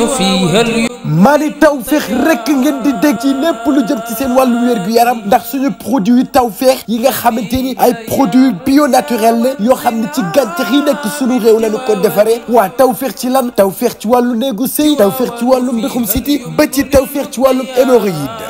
ñu fii Mali Tawfekh rek ngeen di dégg ci lépp lu jëm ci seen wàllu wér gu yaram ndax suñu produit Tawfekh yi nga xamante ni ay produit bio naturel la yoo xam ne ci gàncax yi nekk suñu réew la ñu ko defaree waa Tawfekh ci lan Tawfekh ci wàllu néegu sëy Tawfekh ci wàllu mbëxum siti ba ci Tawfekh ci wàllu hémorroïde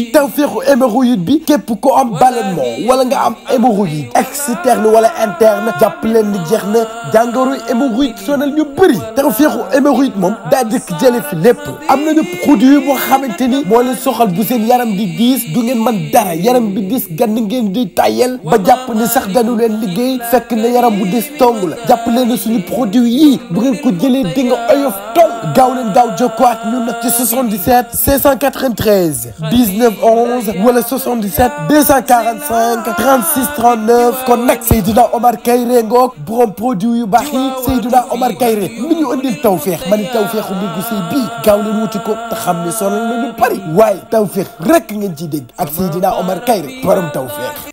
yi tawféexu hémorroïde bi képp ko am ballonnement wala nga am hémorroïde externe wala interne jàpp leen ni jeex na jàngoro hémorroïde sonal ñu bëri tawféexu hémorroïde moom daa dëkk jële fi lépp am nañu produit boo xamante ni moo leen soxal bu seen yaram di diis du ngeen man dara yaram bi diis gann ngeen di tayel ba jàpp ni sax dañu leen liggéey fekk na yaram bu diis tong la jàpp leen ni suñu produit yii bu ngeen ko jëlee di nga oyof tong gaaw leen gaaw jokkoo ak ñun ci 77 593 19 79 11 wala 77 245 36 39 kon nag Seydina Omar Kayre ngoog borom produit yu baax yi Seydina Omar Kayre mi ñu andil tawfeex ma ni tawfeexu ndugg sëy bii gaaw leen wuti ko te xam ne sonal na lu bari waaye tawfeex rek ngeen ciy dégg ak Seydina Omar Kayre borom tawfeex.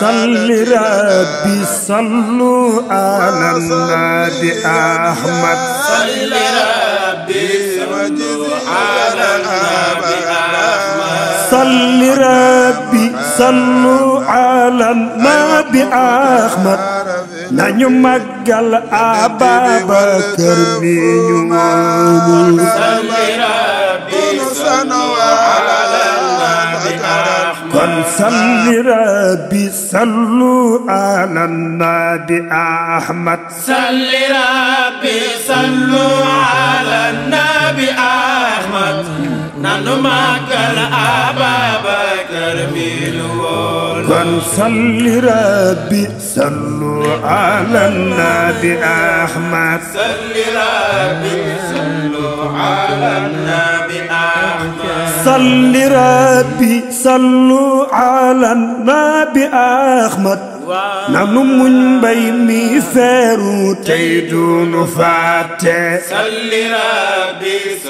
صل ربي صلوا على النبي أحمد صل ربي صلوا على النبي أحمد صل ربي صلوا على النبي أحمد nañu màggal Ababakar mi ñu moom النبي صلوا على النبي أحمد صل ربي صلوا على النبي أحمد نحن كان أبا بكر كن صل ربي صلوا على النبي أحمد صل ربي صلوا على صل ربي صلوا على النبي احمد نمو من بين فارو تيدو نفاتي صل ربي